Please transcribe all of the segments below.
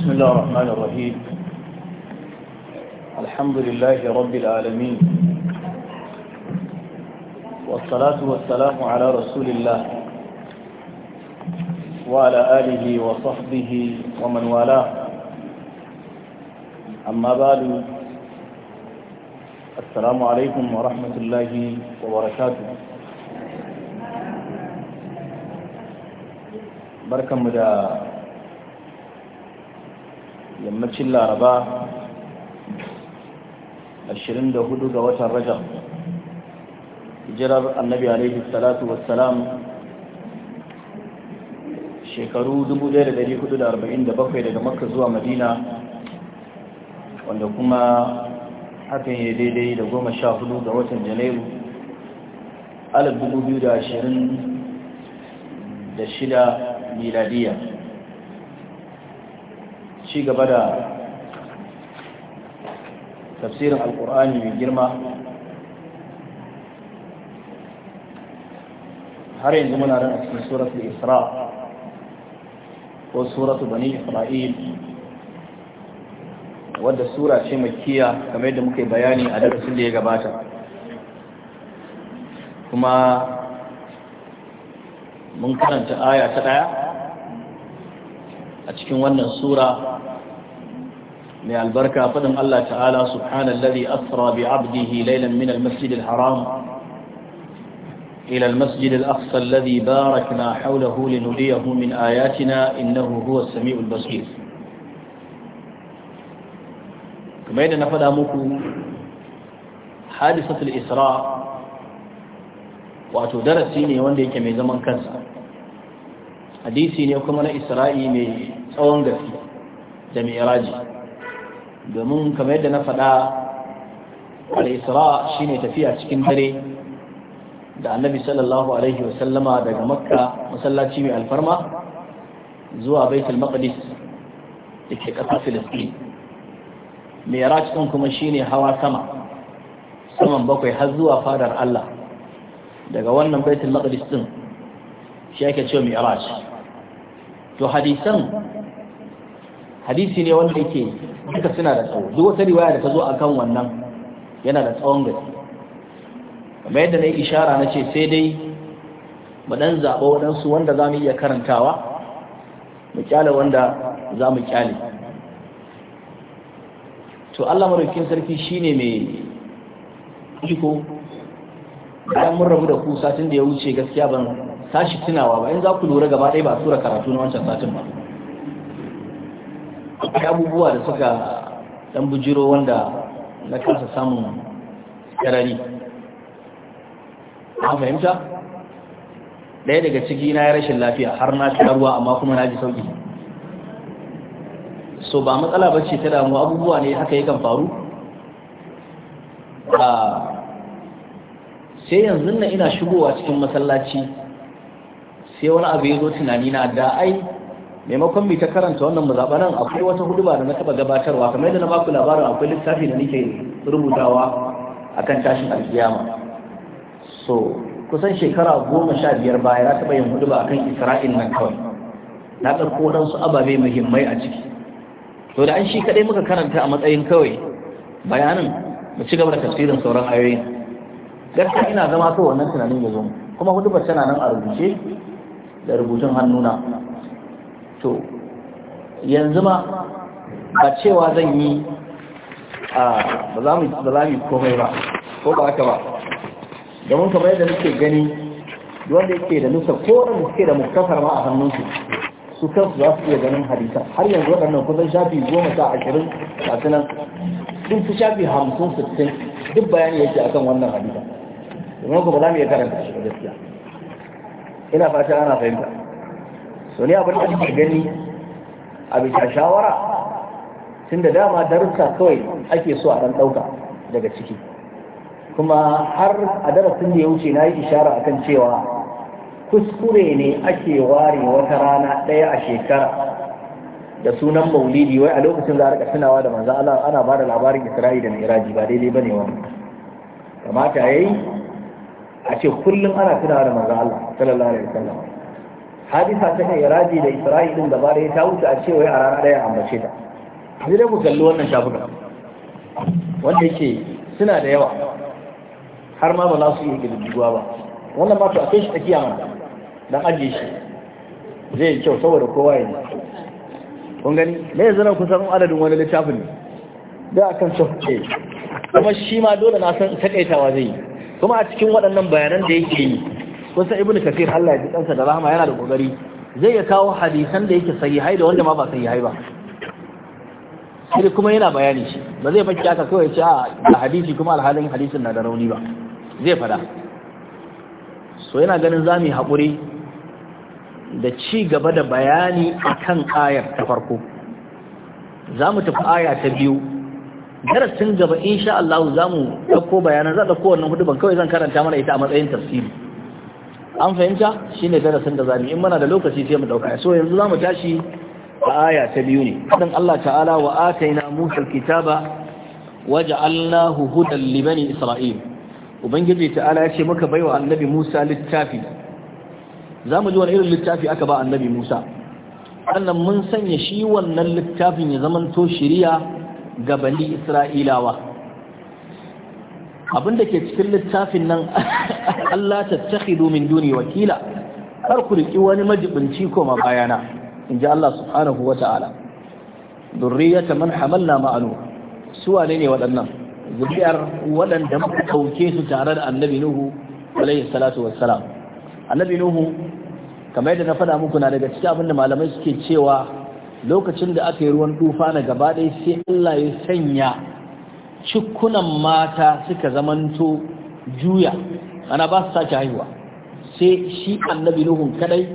بسم الله الرحمن الرحيم الحمد لله رب العالمين والصلاة والسلام على رسول الله وعلى آله وصحبه ومن والاه أما بعد السلام عليكم ورحمة الله وبركاته بركة مدى yammacin laraba 24 ga watan rajab hijirar annabi alaihi salatu wassalam shekaru 1447 daga makka zuwa madina wanda kuma hakan ya daidai da goma sha hudu ga watan janairu alif dubu biyu da ashirin da shida miladiya ci gaba da tafsirin alkur'ani mai girma har yanzu muna nan a cikin suratul isra ko suratu bani isra'il wadda sura ce makiya kamar yadda muka yi bayani a darasin da ya gabata kuma mun karanta aya ta ɗaya a cikin wannan sura mai albarka faɗin Allah ta'ala subhanallazi asra bi 'abdihi laylan min al-masjid al-haram ila al-masjid al-aqsa alladhi barakna hawlahu linuriyahu min ayatina innahu huwa samiul basir kamar yadda na faɗa muku hadisatul isra wato darasi ne wanda yake mai zaman kansa hadisi ne kuma na isra'i mai tsawon gaske da mai domin kamar yadda na faɗa al-isra shine tafiya cikin dare da annabi sallallahu alaihi wasallama daga makka masallaci mai alfarma zuwa baitul maqdis da ke ƙasar filistin mai ɗin kuma shine hawa sama saman bakwai har zuwa fadar allah daga wannan baitul maqdis ɗin shi ake cewa mai to hadisan hadisi ne wanda yake duka suna da tsawo duk wata riwaya da ta zo a kan wannan yana da tsawon gaske kamar yadda na yi ishara na ce sai dai mu dan zaɓa waɗansu wanda za mu iya karantawa mu kyale wanda za mu kyale to Allah maraukin sarki shine mai iko bayan mun rabu da ku satin da ya wuce gaskiya ban tashi tunawa ba in za ku lura gaba ɗaya ba tura karatu na wancan satin ba akwai abubuwa da suka dan bujiro wanda na kasa samun karari a fahimta ɗaya daga ciki na ya rashin lafiya har na shi ruwa amma kuma na ji sauki so ba matsala ba ce ta damu abubuwa ne haka yakan faru sai yanzu na ina shigowa cikin masallaci sai wani abu ya zo tunani na da ai maimakon mu ta karanta wannan muzabaran akwai wata huduba da na taɓa gabatarwa kamar yadda na baku labarin akwai littafi da nake rubutawa akan tashin alkiyama so kusan shekara goma sha biyar baya na taɓa yin huduba akan isra'il nan kawai na ɗauko waɗansu ababe muhimmai a ciki to da an shi kaɗai muka karanta a matsayin kawai bayanin mu ci gaba da tafsirin sauran ayoyin gaskiya ina zama kawai wannan tunanin ya zo kuma huduba tana nan a rubuce da rubutun hannuna to yanzu ma ba cewa zan yi a ba za mu komai ba ko ba haka ba domin kamar yadda nake gani wanda yake da nusa ko da muke da mukafar ma a hannunsu su kansu za su iya ganin hadisa har yanzu waɗannan kusan shafi goma sha ashirin a nan sun fi shafi hamsin sittin duk bayani yake akan wannan hadisa domin ku ba za mu iya karanta shi gaskiya ina fata ana fahimta to ne abin da ake gani a bisa shawara tun da dama darussa kawai ake so a ɗan ɗauka daga ciki kuma har a darasin da ya wuce na yi ishara kan cewa kuskure ne ake ware wata rana ɗaya a shekara da sunan maulidi wai a lokacin za a rika tunawa da manzo Allah ana ba da labarin Isra'i da Miraji ba daidai bane wannan kamata yayi a ce kullum ana tunawa da manzo Allah sallallahu alaihi wasallam hadisa ta kai raji da isra'i din gaba ta wuce a cewa a rana daya ambace ta sai dai ku kalli wannan shafuka wanda yake suna da yawa har ma ba za su iya gidigwa ba wannan ma to a kai shi tsakiya mana dan ajiye shi zai kyau saboda kowa ya kun gani me yanzu na kusan adadin wani littafin ne da akan sauke kuma shi ma dole na san takaitawa zai yi kuma a cikin waɗannan bayanan da yake yi kusa ibn kafir Allah ya ji kansa da rahama yana da kokari zai ya kawo hadisan da yake sahihai da wanda ma ba sahihai ba sai kuma yana bayani shi ba zai baki aka kawai ce a hadisi kuma alhalin hadisin na da rauni ba zai fada so yana ganin zamu yi hakuri da ci gaba da bayani akan ayar ta farko zamu tafi aya ta biyu darasin gaba insha Allah zamu ɗauko bayanan za dauko wannan hudu ban kawai zan karanta mana ita a matsayin tafsiri an fahimta shine darasin da zamu in muna da lokaci sai mu dauka so yanzu zamu tashi a aya ta biyu ne dan Allah ta'ala wa ataina musa kitaba waja'alnahu hudan li bani isra'il ubangiji ta'ala yace muka baiwa annabi musa littafi zamu ji wani irin littafi aka ba annabi musa annan mun sanya shi wannan littafin ya zamanto shiriya ga bani isra'ilawa abinda ke cikin littafin nan Allah tattakhidu min duni wakila kar ku riki wani majibinci koma bayana in ji Allah subhanahu wa ta'ala durriyata man hamalna ma'anu su wane ne waɗannan zuriyar waɗanda muka ɗauke su tare da annabi nuhu alaihi salatu wassalam annabi nuhu kamar yadda na faɗa muku na daga cikin abin da malamai suke cewa lokacin da aka yi ruwan tufa na gaba ɗaya sai Allah ya sanya cikunan mata suka zamanto juya ana ba su sake haihuwa sai shi annabi nuhu kadai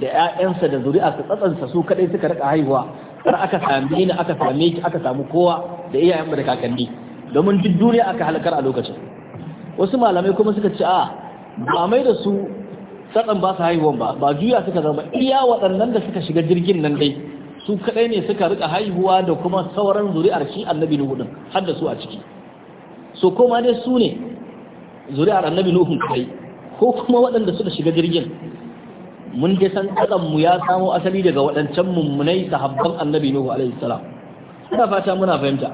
da ƴaƴansa da zuri'a su tsatsansa su kadai suka rika haihuwa har aka sami ni aka same ki aka samu kowa da iyayen mu da kakanni domin duk duniya aka halakar a lokacin wasu malamai kuma suka ce a ba mai da su tsatsan ba su haihuwan ba ba juya suka zama iya waɗannan da suka shiga jirgin nan dai su kadai ne suka rika haihuwa da kuma sauran zuri'ar shi annabi nuhu din har da su a ciki so koma dai su ne zuri'ar annabi nuhun kai ko kuma waɗanda suka shiga jirgin mun dai san mu ya samo asali daga waɗancan mummunai sahabban annabi nuhu alaihi salam ina fata muna fahimta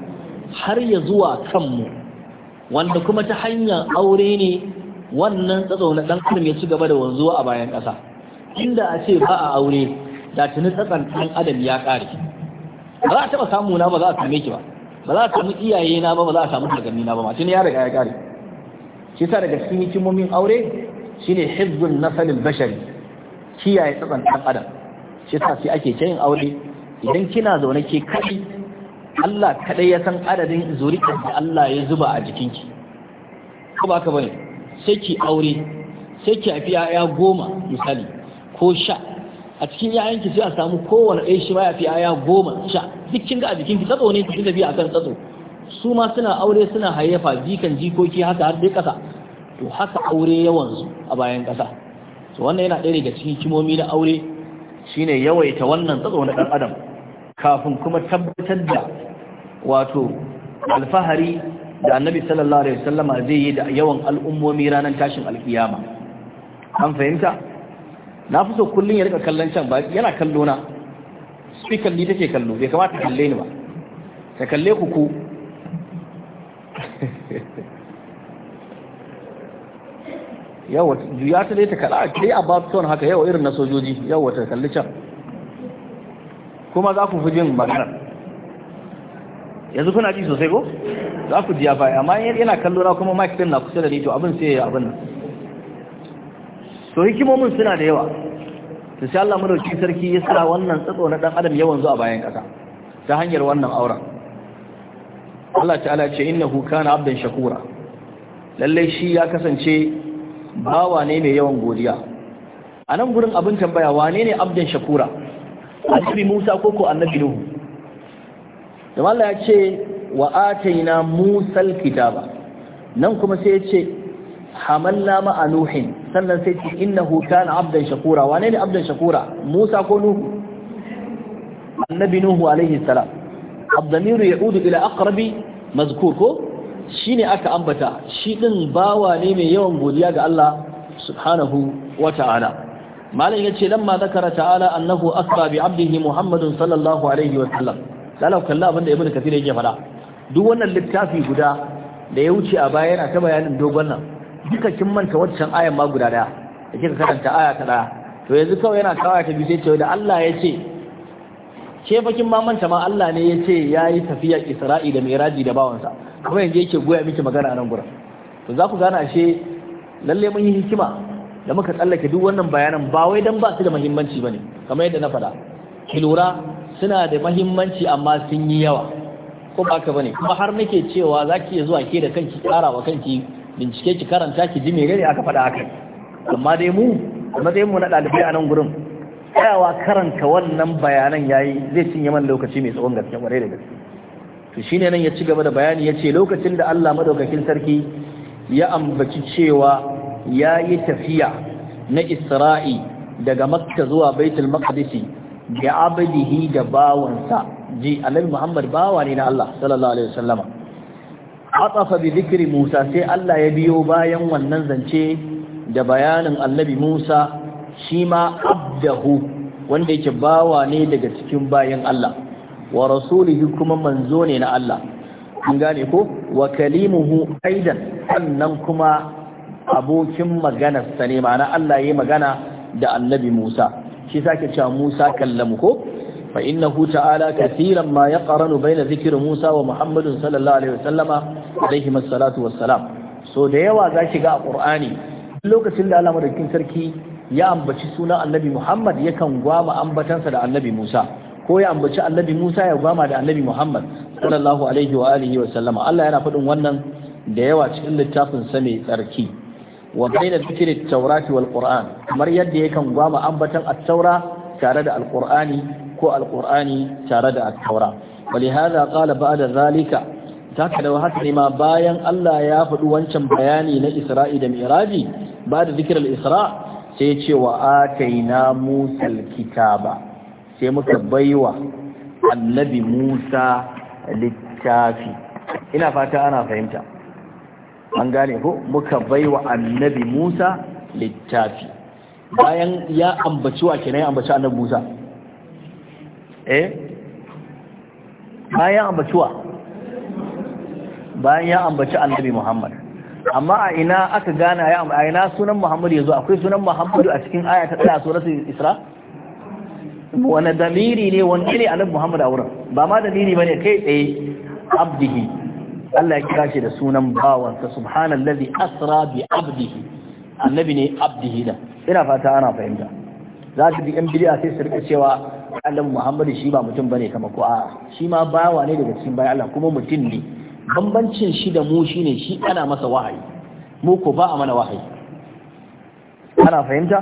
har ya zuwa kanmu wanda kuma ta hanyar aure ne wannan tsatso na ɗan adam ya ci gaba da wanzuwa a bayan ƙasa inda a ce ba a aure da tuni tsatsan ɗan adam ya ƙare ba za a taɓa samu na ba za a same ki ba ba za a samu iyaye ba ba za a samu daganni na ba ma tuni ya riga ya ƙare Kisa daga cikin hikimomin aure shine hizbun nasalil bashari kiyaye tsatsan ɗan adam shi sa sai ake yin aure idan kina zaune ke kai Allah kaɗai ya san adadin zuriƙar da Allah ya zuba a jikinki ko ba ka bane sai ki aure sai ki haifi yaya goma misali ko sha a cikin yayanki sai a samu kowane ɗaya shi ma ya fi yaya goma sha duk kin ga a jikinki tsatso ne ki tafi kan tsatso su ma suna aure suna hayyafa jikan jikoki haka har dai kasa to haka aure yawansu a bayan kasa to wannan yana ɗaya daga cikin kimomi na aure shine yawaita wannan tsatso na ɗan adam kafin kuma tabbatar da wato alfahari da annabi sallallahu alaihi wasallam zai yi da yawan al'ummomi ranar tashin alkiyama an fahimta na fi so kullum ya rika kallon can ba yana kallo na speaker ni take kallo bai kamata kalle ni ba ta kalle ku ku yawa juya ta dai ta kala ke a babton haka yawa irin na sojoji yawa ta kalli can kuma za ku fi jin maganar yanzu kuna ji sosai ko za ku ji ya baya amma yana kallo na kuma mike din na kusa da ni to abin sai ya abin nan to hikimomin suna da yawa to sai Allah madauki sarki ya sira wannan tsatso na dan adam yawan zuwa bayan kasa ta hanyar wannan auren Allah ta'ala ce innahu kana abdan shakura lallai shi ya kasance bawa ne mai yawan godiya a nan gurin abin tambaya wane ne abdan shakura annabi Musa ko ko annabi Nuhu da Allah ya ce wa ataina Musa ba. nan kuma sai ya ce hamalna ma'a Nuhin sannan sai ce innahu kana abdan shakura wane ne abdan shakura Musa ko Nuhu annabi Nuhu alaihi salam abdamiru ya udu ila aqrabi mazkur ko ne aka ambata shi din bawa ne mai yawan godiya ga Allah subhanahu wa ta'ala malam yace ma zakara ta'ala annahu asra bi 'abdihi sallallahu alaihi wa sallam lalau kalla abinda ibn kafir yake fada duk wannan littafi guda da ya wuce a baya yana ta bayanin dogon nan duka kin manta waccan ayan ma guda daya da kika karanta aya ta daya to yanzu kawai yana kawai ta bi sai ce da Allah ya ce. ke bakin mamanta ma Allah ne ya ce ya yi tafiya isra'i da miraji da bawansa kuma yanzu yake goya miki magana a nan gurin to za ku gane ashe lalle mun yi hikima da muka tsallake duk wannan bayanan ba wai dan ba su da muhimmanci bane kamar yadda na faɗa ki lura suna da muhimmanci amma sun yi yawa ko ba ka bane kuma har nake cewa za ki iya zuwa ke da kanki ƙara wa kanki bincike ki karanta ki ji me ne aka faɗa akai amma dai mu amma dai mu na ɗalibai a nan gurin tsayawa karanta wannan bayanan yayi zai cinye man lokaci mai tsawon gaske kwarai da gaske to shine nan ya ci gaba da bayani ya ce lokacin da Allah madaukakin sarki ya ambaci cewa ya yi tafiya na Isra'i daga Makka zuwa Baitul Maqdisi ga abdihi da bawansa ji Annabi Muhammad bawa ne na Allah sallallahu alaihi wasallama atafa bi dhikri Musa sai Allah ya biyo bayan wannan zance da bayanin Annabi Musa shi ma abdahu wanda yake bawa ne daga cikin bayan Allah wa rasulihi kuma manzo ne na Allah an gane ko wa kalimuhu aidan annan kuma abokin magana ne ma'ana Allah ya magana da annabi Musa shi sake cewa Musa kallamu ko fa innahu ta'ala kaseeran ma yaqranu baina zikri Musa wa Muhammadin sallallahu alaihi wasallama alaihi wassalatu wassalam so da yawa za ga a Qur'ani lokacin da Allah madaukakin sarki ya ambaci sunan annabi Muhammad yakan gwama ambatansa da annabi Musa ko ya ambaci annabi Musa ya gwama da annabi Muhammad sallallahu alaihi wa alihi wa sallama Allah yana faɗin wannan da yawa cikin littafin sa mai tsarki wa baina dhikri at-taurati wal qur'an kamar yadda yakan gwama ambatan at-taura tare da al-qur'ani ko al-qur'ani tare da at-taura ولهذا قال بعد ذلك taka da haka ne ma bayan Allah ya faɗi wancan bayani na Isra'i da Miraji ba da zikirar Isra sai ce wa ataina Musa kitaba sai muka baiwa annabi Musa littafi ina fata ana fahimta an gane ko muka baiwa annabi Musa littafi bayan ya ambaci wa kenan ya ambaci annabi Musa eh bayan ambaci wa bayan ya ambaci annabi Muhammad amma a ina aka gana ya a ina sunan muhammadu ya zo akwai sunan muhammadu a cikin aya ta tsaya su isra wani damiri ne wani ne anan muhammadu a wurin ba ma damiri ne kai tsaye abdihi Allah ya kira shi da sunan bawansa subhanallazi asra bi abdihi annabi ne abdihi da ina fata ana fahimta za su bi yan biliya sai su rika cewa Allah Muhammadu shi ba mutum bane kama ko a shi ma bawa ne daga cikin bayan Allah kuma mutum ne bambancin shi da mu shine shi ana masa wahayi mu ko ba a mana wahayi ana fahimta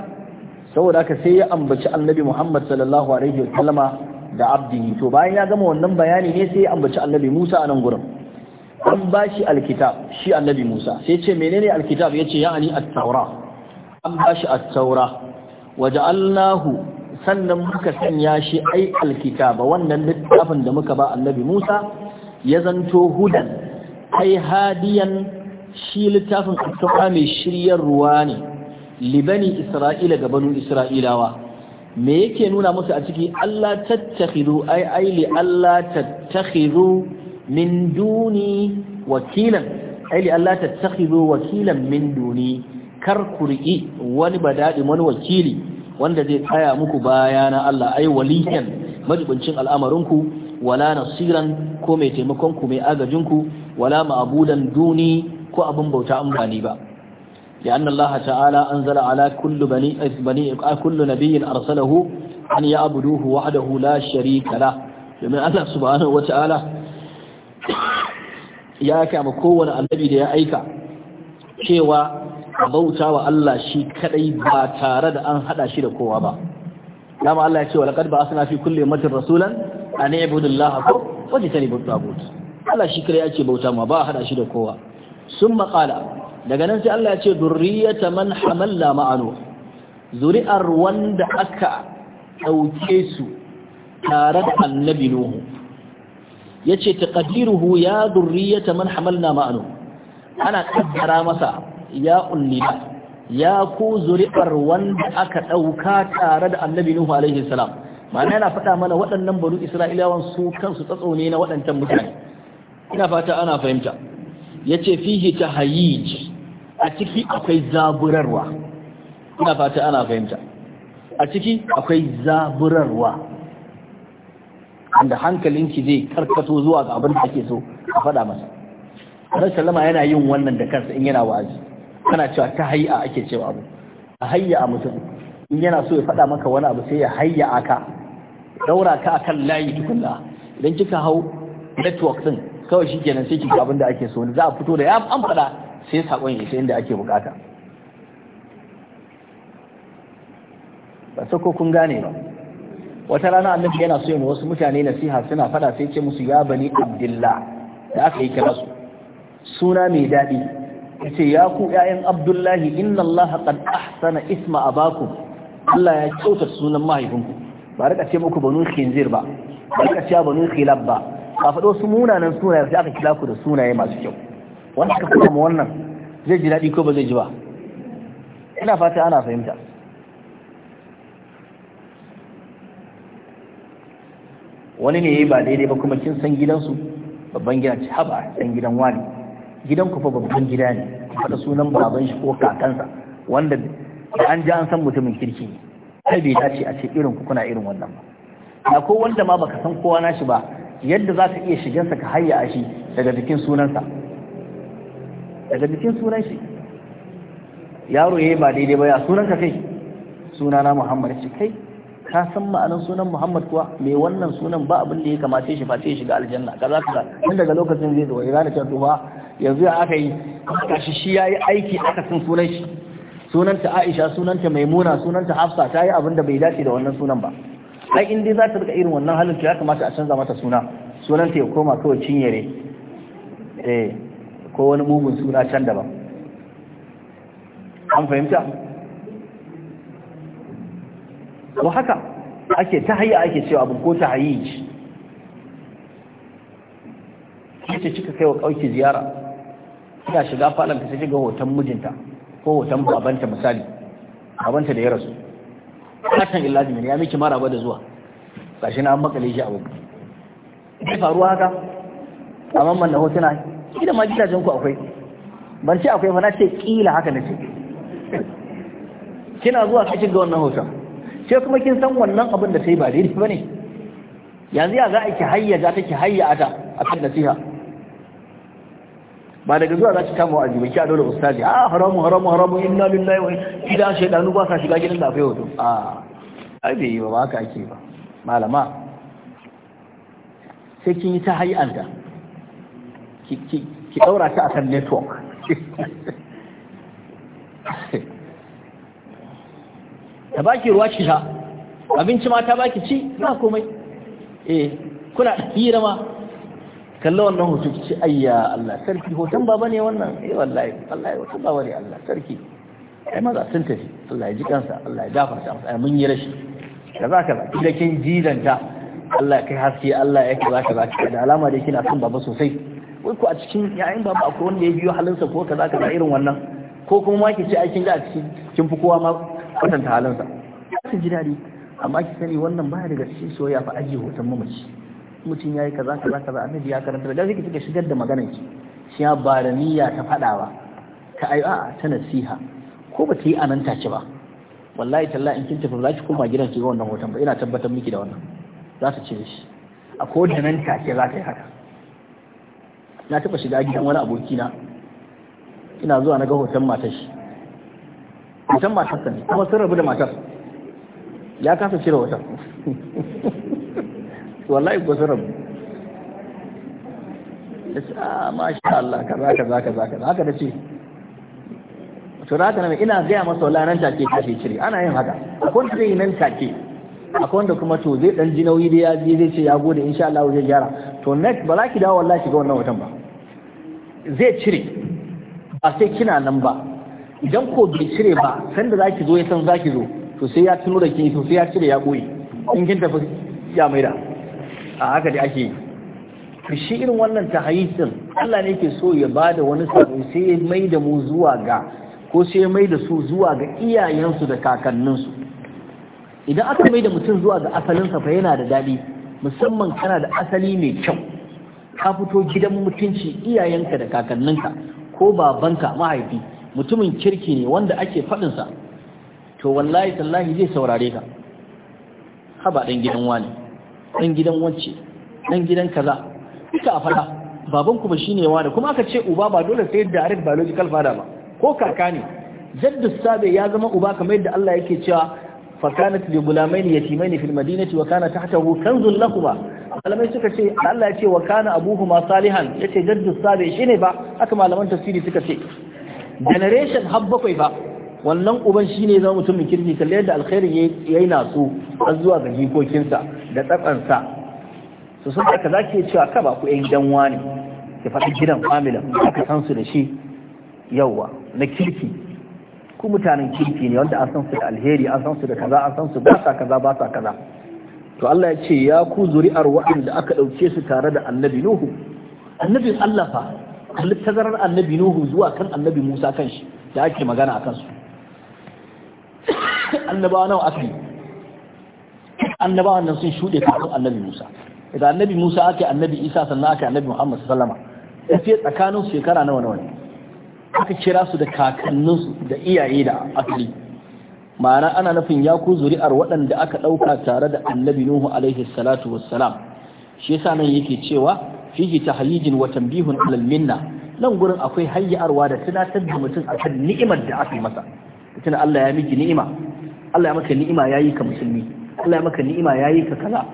saboda haka sai ya ambaci annabi Muhammad sallallahu alaihi wasallama da abdi to bayan ya gama wannan bayani ne sai ya ambaci annabi Musa a nan gurin an ba shi alkitab shi annabi Musa sai ce menene alkitab yace ya'ani at-taura an ba shi at-taura waja'alnahu sannan muka sanya shi ai alkitaba wannan littafin da muka ba annabi Musa ya zanto hudan kai hadiyan shi littafin attaqa mai shiryar ruwa ne libani isra'ila ga banu isra'ilawa me yake nuna musu a ciki Allah tattakhidu ai Allah tattakhidu min duni wakilan ai li Allah tattakhidu wakilan min duni kar kur'i wani badadi wani wakili wanda zai tsaya muku baya na Allah ai waliyan majibincin al'amarinku wala nasiran ko mai taimakon ku mai agajin ku wala ma'budan duni ko abun bauta an ba ni ba لأن الله تعالى ala kullu كل بني بني كل نبي أرسله أن يعبدوه وحده لا شريك له لمن الله سبحانه وتعالى ya kama كون النبي da ya aika cewa bauta wa Allah shi kadai ba tare da an hada shi da kowa ba dama Allah ya ce walaqad ba'athna fi kulli ummatin rasulan an ibudullah ko waje tare bu tagut Allah shi ya ce bauta ma ba a hada shi da kowa sun maƙala daga nan sai Allah ya ce durriyata man hamalla ma'anu zuri'ar wanda aka ɗauke su tare da annabi nuhu yace taqdiruhu ya durriyata man hamalna ma'anu ana kaddara masa ya ullida ya ku zuri'ar wanda aka ɗauka tare da annabi nuhu alaihi salam ma'ana yana faɗa mana waɗannan baru isra'ilawan su kansu tsatso ne na waɗancan mutane ina fata ana fahimta Ya ce yace ta tahayyij a ciki akwai zaburarwa ina fata ana fahimta a ciki akwai zaburarwa wanda hankalinki zai karkato zuwa ga abin da ake so a faɗa masa Wani sallama yana yin wannan da kansa in yana wa'azi kana cewa ta hayya ake cewa abu a hayya a mutum in yana so ya faɗa maka wani abu sai ya hayya aka daura ka akan layi tukunna idan kika hau network din kawai shikenan sai kika abin da ake so za a fito da ya an fada sai sakon ya inda ake bukata ba sako kun gane ba wata rana annabi yana so yin wasu mutane nasiha suna fada sai ce musu ya bani abdullah da aka yi kira su suna mai daɗi yace ya ku ƴaƴan abdullahi inna allaha qad ahsana isma abakum Allah ya kyautata sunan mahaifinku ba rika ce muku banu khinzir ba ba rika ce banu khilab ba ka faɗo su munanan sunaye sai aka kila ku da sunaye masu kyau wanda ka kuma mu wannan zai ji daɗi ko ba zai ji ba ina fata ana fahimta wani ne ba daidai ba kuma kin san gidansu babban gida ci haba ɗan gidan wani gidan ku fa babban gida ne faɗa sunan baban shi ko kakansa wanda an ji an san mutumin kirki ne ai bai dace a ce irin ku kuna irin wannan ba Na ko wanda ma baka san kowa nashi ba yadda za ka iya shigansa ka hayya a shi daga jikin sunansa daga cikin sunan shi yaro yayi ba daidai ba ya sunan ka kai sunana Muhammad ce kai ka san ma'anar sunan Muhammad kuwa mai wannan sunan ba abin da ya kamata shi face shiga aljanna kaza kaza tun daga lokacin zai zo ya gane cewa yanzu ya aka yi Kashi shi shi yayi aiki aka san sunan shi sunanta Aisha sunanta Maimuna sunanta Hafsa ta yi abin da bai dace da wannan sunan ba ai in dai za ta rika irin wannan halin ya kamata a canza mata suna sunanta ya koma kawai cinyere eh ko wani mugun suna can daban an fahimta wa haka ake hayya ake cewa abin ko ta tahayyij kace cika kai wa kauki ziyara kina shiga falon ka sai ga hoton mijinta ko hoton babanta misali babanta da ya rasu katan illaji ne ya miki mara ba da zuwa gashi na an makale shi abu bai faruwa haka a mamman na hotuna idan ma gidajen ku akwai ban ce akwai fa na ce kila haka na ce kina zuwa ka shiga wannan hoton ce kuma kin san wannan abin da sai ba daidai ne. yanzu ya za a ki hayya ata a akan nasiha ba daga zuwa za ki kama wa ba ki a dole ustazi a ah, haramu haramu haramu inna lillahi wa gida shaidanu ba sa shiga gidan da akwai hoto a ai bai yi ba ba ka ake ba malama sai kin yi ta hayanta ki ki ki daura ta akan network ta baki ruwa ki sha abinci ma ta baki ci ba komai eh kuna hira ma kalla wannan hoto ki ce ayya Allah sarki hoton baba ne wannan eh wallahi wallahi hoton baba ne Allah sarki ai maza sun tafi Allah ya ji kansa Allah ya gafarta masa mun yi rashi kaza kaza kida kin jidanta Allah ya kai haske Allah ya kaza kaza da alama dai kina son baba sosai wai ko a cikin yayin baba akwai wanda ya biyo halinsa ko kaza kaza irin wannan ko kuma ma ki ce ai kin ga a cikin kin fi kowa ma kwatanta halinsa ki ji dadi amma ki sani wannan baya daga cikin soyayya fa ajiye hoton mamaci mutum ya yi kaza kaza kaza annabi ya karanta da zai kike shigar da magana ki shi ya bara niyya ta fadawa ka ai a ta nasiha ko ba ta yi ananta ci ba wallahi talla in kin tafi za ki koma gidan ki ga wannan hoton ba ina tabbatar miki da wannan za ta cire shi a ko da nan ta ce za ta yi haka na taba shiga gidan wani abokina ina zuwa na ga hoton matar shi hoton matar ne kuma sun rabu da matar ya kasa cire hoton wallahi ko sun rabu a masha Allah kaza kaza kaza kaza haka da ce to da haka ina gaya masa wallahi nan take kashe cire ana yin haka akwai wanda zai nan take akwai wanda kuma to zai dan ji nauyi da ya je zai ce ya gode insha Allah zai gyara to next ba za ki dawo wallahi shiga wannan watan ba zai cire ba sai kina nan ba idan ko bai cire ba sanda za ki zo ya san za ki zo to sai ya tuno da ke to sai ya cire ya koyi in kin tafi ya maida a haka da ake yi shi irin wannan tahayyis din Allah ne ke so ya bada wani sabo sai ya mai da mu zuwa ga ko sai ya mai da su zuwa ga iyayensu da kakanninsu idan aka mai da mutum zuwa ga asalinsa fa yana da daɗi musamman kana da asali mai kyau ka fito gidan mutunci iyayenka da kakanninka ko babanka mahaifi mutumin kirki ne wanda ake faɗinsa to wallahi tallahi zai saurare ka haba ɗan gidan wani Ɗan gidan wacce Ɗan gidan kaza duka a fada baban kuma shine wani kuma aka ce uba ba dole sai direct biological father ba ko kaka ne jaddus sabe ya zama uba kamar yadda Allah yake cewa fakanat li gulamain yatimain fil madinati wa kana tahtahu kanzun lakuma malamai suka ce Allah ya ce wa kana abuhuma salihan yace jaddus sabe shine ba aka malaman tafsiri suka ce generation har bakwai ba wannan uban shi ne zama mutumin kirki kalli yadda ya yayi naso an zuwa ga jikokinsa da tsatsansa su sun aka ke cewa ka ba ku yan danwa ne ki faɗi gidan famila aka san su da shi yawa na kirki ku mutanen kirki ne wanda an san su da alheri an san su da kaza an san su ba sa kaza ba sa kaza to Allah ya ce ya ku zuri'ar waɗanda aka ɗauke su tare da annabi Nuhu annabin Allah fa kalli tazarar annabi Nuhu zuwa kan annabi Musa kan shi da ake magana a kansu annabawa nawa aka yi annabawan nan sun shuɗe kafin annabi musa Da annabi musa ake annabi isa sannan ake annabi Muhammadu sallama fiye tsakanin shekara nawa nawa ne aka kira su da kakanninsu da iyaye da asali ma'ana ana nufin ya ku zuri'ar waɗanda aka ɗauka tare da annabi nuhu alaihi salatu wassalam shi yasa nan yake cewa fihi tahyijin wa tanbihun alal minna nan gurin akwai hayyarwa da tunatar da mutum akan ni'imar da aka yi masa tuna Allah ya miki ni'ima Allah ya maka ni'ima yayi ka musulmi Allah ya maka ni'ima yayi ka kaza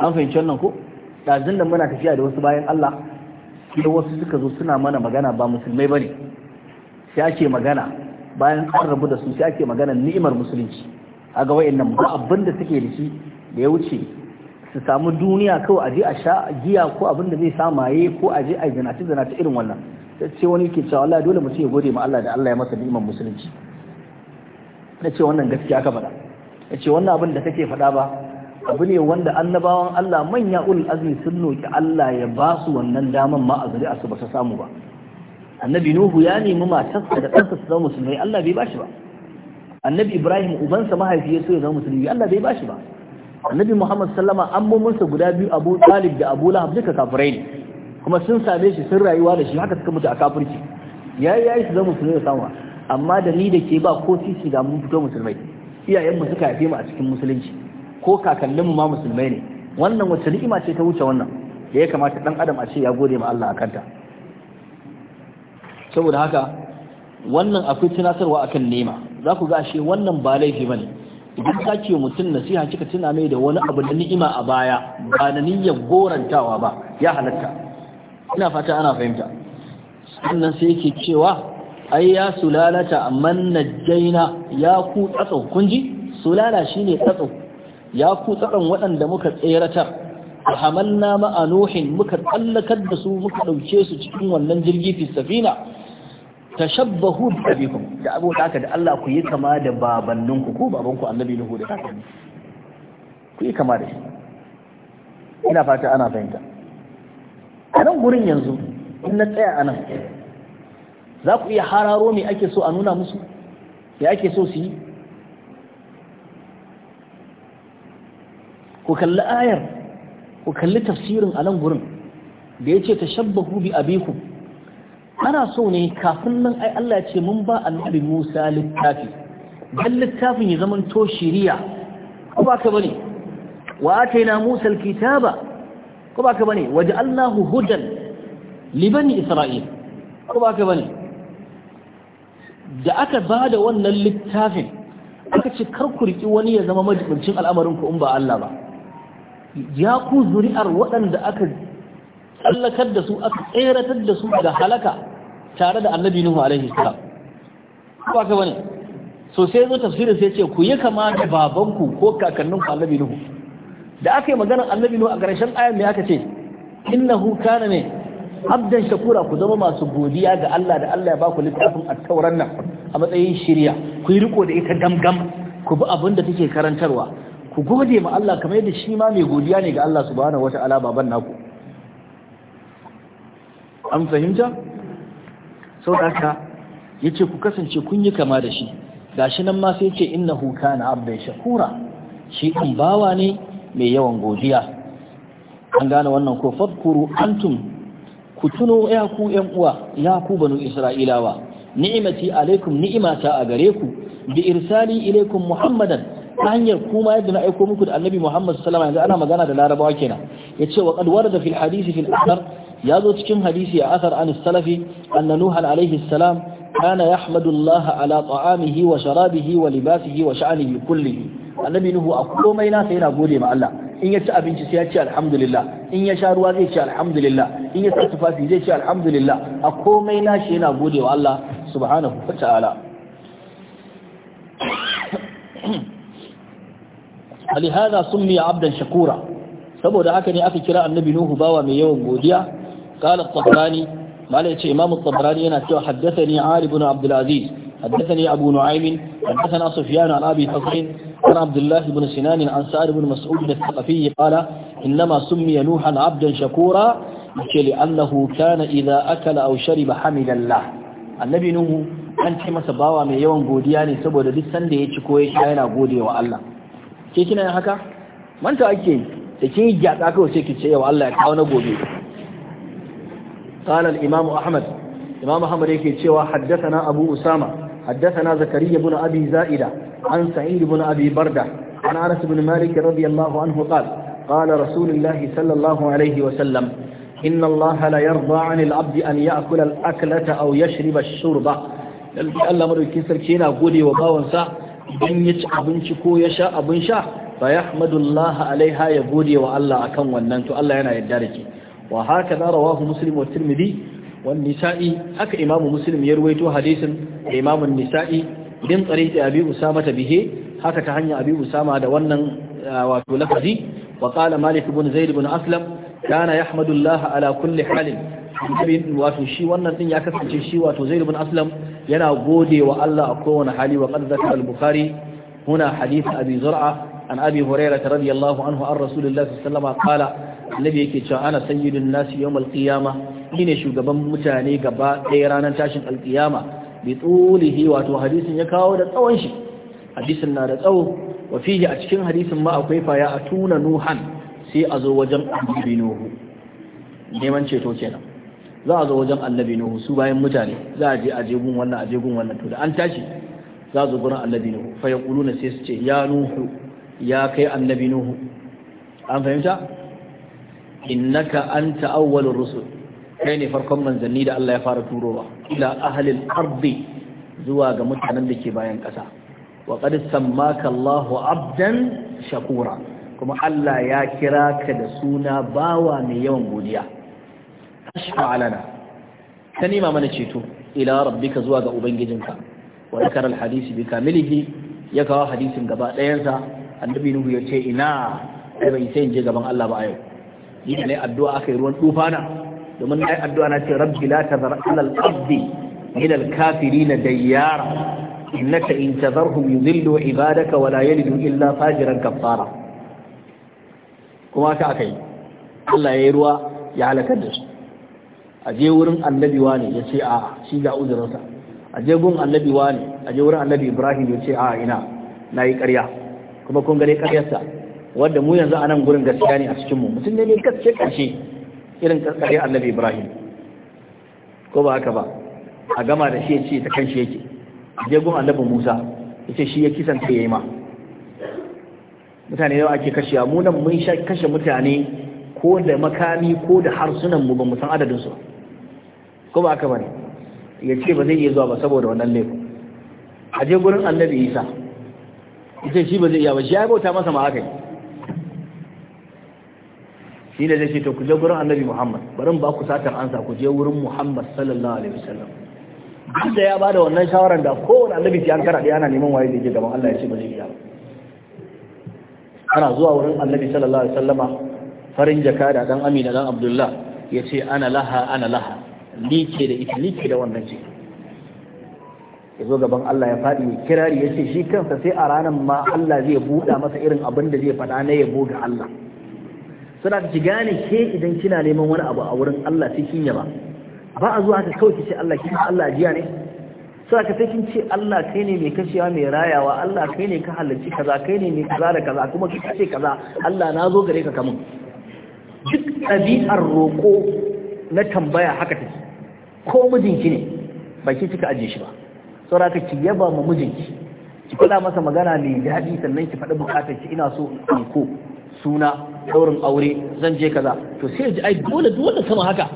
an fahimci wannan ko da nan muna tafiya da wasu bayan Allah sai wasu suka zo suna mana magana ba musulmai bane sai ake magana bayan an rabu da su sai ake magana ni'imar musulunci A ga wayannan ba abin da suke da shi da ya wuce su samu duniya kawai aje a sha giya ko abin da zai sa maye ko aje a zinaci zinaci irin wannan sai wani ke cewa Allah dole mu ya gode ma Allah da Allah ya masa ni'imar musulunci na ce wannan gaskiya ka faɗa ya ce wannan abin da kake faɗa ba abu ne wanda annabawan Allah manya ulul azmi sun noki Allah ya ba su wannan daman ma a zuri'a su ba su samu ba annabi nuhu ya nemi matarsa da ɗansa su zama musulmai Allah bai bashi ba annabi ibrahim ubansa mahaifi ya so ya zama musulmi Allah bai bashi ba annabi muhammad sallama an mummunsa guda biyu abu talib da abu lahab duka kafirai ne kuma sun same shi sun rayuwa da shi haka suka mutu a kafirci ya yi ya yi su zama musulmi da samuwa amma da ni da ke ba ko sisi da mun fito musulmai iyayenmu suka haife mu a cikin musulunci ko kakanninmu ma musulmai ne wannan wacce ni'ima ce ta wuce wannan da ya kamata dan adam a ce ya gode ma Allah akanta saboda haka wannan akwai tunatarwa akan nema za ku ga ashe wannan ba laifi bane idan ka ce mutum nasiha kika tuna mai da wani abu da ni'ima a baya ba na niyyar gorantawa ba ya halatta ina fata ana fahimta sannan sai yake cewa ai ya sulalata man najjaina ya ku tsatso kun ji sulala shine tsatso ya ku tsatson waɗanda muka tseratar hamalna ma nuhin muka tsallakar da su muka ɗauke su cikin wannan jirgi fi safina tashabbahu bi da abu da aka da Allah ku yi kama da babanninku ko babanku annabi nuhu da kakanni ku yi kama da shi ina fata ana fahimta a nan gurin yanzu in na tsaya a nan za ku iya hararo me ake so a nuna musu me ake so su yi ku kalli ayar ku kalli tafsirin a nan gurin da ya ce ta shabbahu bi abiku ana so ne kafin nan ai Allah ce mun ba annabi Musa littafi dan littafin ya zaman to shiriya ko ba ka bane wa ataina Musa alkitaba ko ba ka bane waja'alnahu hudan li bani Isra'il ko ba ka bane da aka ba da wannan littafin aka ce kar ku riƙi wani ya zama majibincin al'amarin ku in ba Allah ba ya ku zuri'ar waɗanda aka tsallakar da su aka tseratar da su daga halaka tare da annabi Nuhu alaihi salam ba ka bane so sai zo tafsiri sai ce ku yi kama da babanku ko kakanninku annabi Nuhu da aka yi magana annabi Nuhu a ƙarshen ayan me aka ce innahu kana ne abdan shakura ku zama masu godiya ga Allah da Allah ya baku littafin at nan a matsayin shirya ku yi riko da ita gamgam ku bi abin da take karantarwa ku gode ma Allah kamar yadda shi ma mai godiya ne ga Allah subhanahu wata'ala baban naku an fahimta sau yace ku kasance kun yi kama da shi Ga shi nan ma sai yace innahu kana abdan shakura shi kan bawa ne mai yawan godiya an gane wannan ko fadkuru antum ku tuno ya ku ƴan uwa ya ku banu isra'ilawa ni'imati alaikum ni'imata a gare ku bi irsali ilaikum muhammadan ta hanyar kuma yadda na aiko muku da annabi muhammad sallallahu alaihi ana magana da larabawa kenan ce wa qad da fil hadisi fil zo cikin hadisi a asar an salafi anna nuha alaihi salam kana yahmadu allah ala ta'amihi wa sharabihi wa libasihi wa sha'nihi kullihi annabi nuhu a komai na sai yana gode ma Allah in ya ci abinci sai ya ce alhamdulillah in ya sha ruwa zai ce alhamdulillah in ya sa tufafi zai ce alhamdulillah a komai nashi yana gode wa Allah subhanahu wa ta'ala alihada summiya abdan shakura saboda haka ne aka kira annabi nuhu bawa mai yawan godiya qala at-tabrani mala yace imam at-tabrani yana cewa haddathani ali ibn abdul aziz haddathani abu nu'aym haddathana na an abi عن عبد الله بن سنان عن سعد بن مسعود الثقفي قال إنما سمي نوحا عبدا شكورا لأنه كان إذا أكل أو شرب حمد الله النبي نوح an ce masa bawa mai yawan godiya ne saboda duk sanda ya ci ko ya sha yana gode wa Allah ke kina yin haka manta ake da kin yi gyatsa kawai sai ki ce yawa Allah ya kawo na gobe قال الإمام أحمد إمام أحمد يكي تشوى حدثنا أبو أسامة حدثنا زكريا بن أبي زائدة عن سعيد بن أبي بردة عن أنس بن مالك رضي الله عنه قال قال رسول الله صلى الله عليه وسلم إن الله لا يرضى عن العبد أن يأكل الأكلة أو يشرب الشربة Allah madaukakin sarki yana gode wa bawansa idan ya ci abinci ko ya sha abin sha fa yahmadullah alaiha ya gode wa Allah akan wannan to Allah yana yarda da ke wa haka rawahu wa nisa'i haka imam muslim ya ruwaito hadisin da nisa'i bin tsariki abi usama ta bihe haka ta hanya abi usama da wannan wato lafazi wa qala malik ibn zaid ibn aslam kana yahmadu allah ala kulli halin wato shi wannan din ya kasance shi wato zaid ibn aslam yana gode wa allah a kowane hali wa qad zakara al-bukhari huna hadith abi zur'a an abi hurairah radiyallahu anhu an rasulullah sallallahu alaihi wasallam qala yake cewa ana sayyidun nasi yawm al-qiyamah shine shugaban mutane gaba ɗaya ranar tashin alƙiyama bi tulihi wato hadisin ya kawo da tsawon shi hadisin na da tsawo wa fihi a cikin hadisin ma akwai faya a tuna nuhan sai a zo wajen annabi nuhu neman ceto kenan za a zo wajen annabi nuhu su bayan mutane za a je a jegun wannan a jegun wannan to da an tashi za a zo gurin annabi nuhu fa yaquluna sai su ce ya nuhu ya kai annabi nuhu an fahimta innaka anta awwalur rusul kai ne farkon manzanni da Allah ya fara turowa ila ahlil ardi zuwa ga mutanen da ke bayan ƙasa wa qad sammaka Allahu abdan shakura kuma Allah ya kira ka da suna bawa mai yawan godiya ashfa alana ka nima mana ceto ila rabbika zuwa ga ubangijinka wa karar alhadisi bi kamilihi ya kawo hadisin gaba ɗayansa annabi nuhu ya ce ina ai bai sai in je gaban Allah ba a yau ni ne addu'a aka ruwan tufana domin na yi addu'a na ce rabbi la tazar alal abdi min al kafirin dayyara innaka in tazarhum yudhillu ibadaka wa la yalidu illa fajiran kafara kuma ka akai Allah ya yi ruwa ya halakar da su a je wurin annabi wani ya ce a'a shi ga uzurinsa a je gun annabi wani a je wurin annabi ibrahim ya ce a'a ina na yi ƙarya kuma kun gane ƙaryarsa wadda mu yanzu a nan gurin gaskiya ne a cikinmu mutum ne mai gaske ƙarshe irin karkare annabi ibrahim ko ba haka ba a gama da shi ya ce ta kan shi yake je gun annabi musa ya ce shi ya kisan ta yayi ma mutane yau ake kashe mu nan mun sha kashe mutane ko da makami ko da harsunan mu ba mu san adadin su ko ba haka ba ne ya ce ba zai iya zuwa ba saboda wannan laifin a je gurin annabi isa ce shi ba zai iya ba shi ya bauta masa ma haka shi ne zai ce to ku je gurin annabi muhammad barin ba ku satar ansa ku je wurin muhammad sallallahu alaihi wasallam duk da ya ba da wannan shawarar da kowane annabi sai kara da yana neman waye da yake gaban Allah ya ce ba zai iya ana zuwa wurin annabi sallallahu alaihi wasallama farin jaka da dan amina dan abdullah ya ce ana laha ana laha ni ke da ita ni ke da wannan ce ya zo gaban Allah ya faɗi ya kirari ya ce shi kansa sai a ranar ma Allah zai buɗa masa irin abin da zai faɗa na yabo ga Allah suna ki gane ke idan kina neman wani abu a wurin Allah sai kin yaba ba a zuwa haka kawai ki ce Allah kin Allah jiya ne sai ka sai kin ce Allah kai ne mai kashewa mai rayawa Allah kai ne ka halarci kaza kai ne mai kaza da kaza kuma ka ce kaza Allah na zo gare ka kamun duk ɗabi'ar roƙo na tambaya haka ce ko mijinki ne ba ki kika ajiye shi ba saboda ka ki yaba ma mijinki ki kula masa magana mai daɗi sannan ki faɗi buƙatar ki ina so in ko suna daurin aure zan je kaza to sai ji ai dole duk wanda sama haka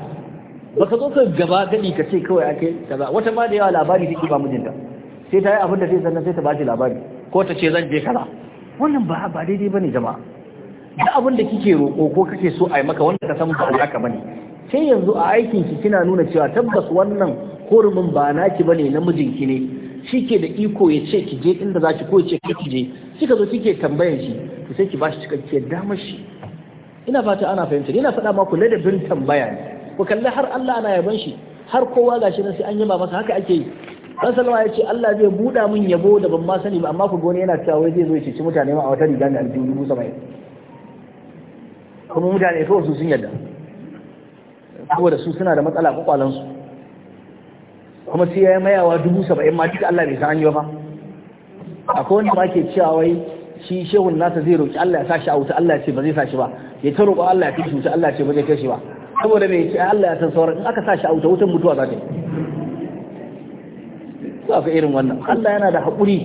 baka zo ka gaba gani ka ce kawai ake kaza wata ma da yawa labari take ba mijinta sai ta yi abin da zai sannan sai ta ba labari ko ta ce zan je kaza wannan ba ba daidai bane jama'a duk abin da kike roƙo ko kake so a yi maka wanda ka san ba haka bane sai yanzu a aikin ki kina nuna cewa tabbas wannan horumin ba naki bane na mijinki ne shi ke da iko ya ce ki je inda za ki ko ya ce ki je kika zo kike tambayan shi ku sai ki bashi cikakkiyar damar shi ina fata ana fahimta ina faɗa ma maku ladabin tambaya ne ku kalli har Allah ana yaban shi har kowa gashi nan sai an yaba masa haka ake yi dan salama ya ce Allah zai buɗa min yabo da ban ma sani ba amma ku gone yana cewa wai zai zo ya ceci mutane ma a wata riga mai aljihu dubu saba'in kuma mutane kawai su sun yarda saboda su suna da matsala kwakwalansu kuma sai ya yi mayawa dubu saba'in ma duka Allah bai san an yi ba akwai wanda ma ke cewa wai shi shehun nasa zai roƙi Allah ya sashi a wuta Allah ya ce ba zai sashi ba ya ta roƙo Allah ya kashe wuta Allah ya ce ba zai kashe ba saboda me ce Allah ya san sauran in aka sashi a wuta wutan mutuwa za ta yi ko aka irin wannan Allah yana da haƙuri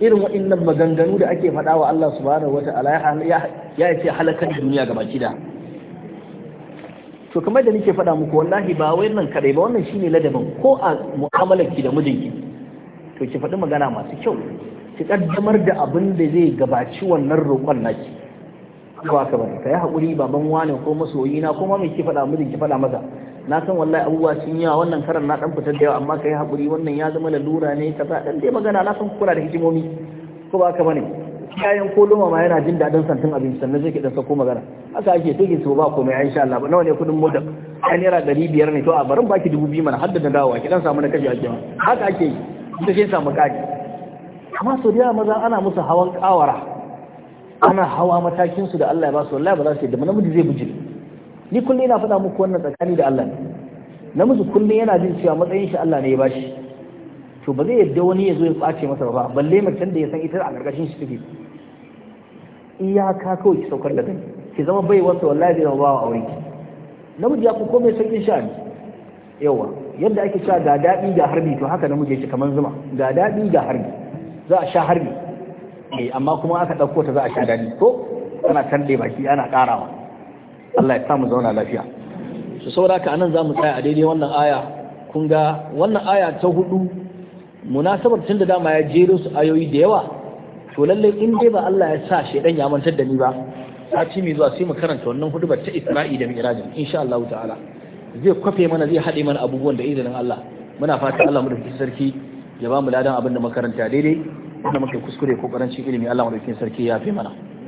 irin waɗannan maganganu da ake faɗa wa Allah subhanahu wata'ala ya ce halakar duniya duniya gaba da to kamar da nake faɗa muku wallahi ba wai nan kadai ba wannan shine ladabin ko a mu'amalar ki da mijinki to ki faɗi magana masu kyau ki kaddamar da abin da zai gabaci wannan roƙon naki ba ka bari kai hakuri baban wani ko masoyi na ko ma mai ki faɗa mijin ki faɗa masa na san wallahi abubuwa sun yawa wannan karan na dan fitar da yawa amma kai hakuri wannan ya zama lalura ne Ka ba dan dai magana na san kula da hikimomi ko ba ka bane kayan ko loma ma yana jin dadin santin abinci sannan zai ki dan sako magana haka ake to ki so ba komai insha Allah ba nawa ne kudin motar ai naira 500 ne to a barin baki 2000 mana haddada dawowa ki dan samu na kaji a kewa haka ake yi ita sai samu kaji amma su da maza ana musu hawan kawara ana hawa matakin su da Allah ya ba su wallahi ba za su yadda namiji zai buji ni kullum ina faɗa muku wannan tsakani da Allah namiji kullum yana jin cewa matsayin shi Allah ne ya bashi to ba zai yadda wani ya zo ya kwace masa ba balle mutum da ya san ita a gargashin shi take iyaka kawai ki saukar da kai ki zama bai wasa wallahi zai zama bawa aure ki namiji ya fi komai sauƙin sha'ani yawa yadda ake cewa ga daɗi ga harbi to haka namiji ya ce kamar zuma ga daɗi ga harbi za a sha harbi ne eh, amma kuma aka ɗauko ta za a sha dani ko ana tarde baki ana ƙarawa Allah ya samu zauna lafiya su saboda ka anan zamu tsaya a daidai wannan aya kun ga wannan aya ta hudu munasabar tun da dama ya jero su ayoyi da yawa to lalle in dai ba Allah ya sa shedan ya mantar da ni ba sati mai zuwa sai mu karanta wannan hudubar ta Isra'i da Mi'rajin insha Allah ta'ala zai kwafe mana zai haɗe mana abubuwan da izinin Allah muna fata Allah mu da sarki ya ba mu ladan abin da makaranta daidai wanda muke kuskure ko karanci ilimi Allah madaukakin sarki ya fi mana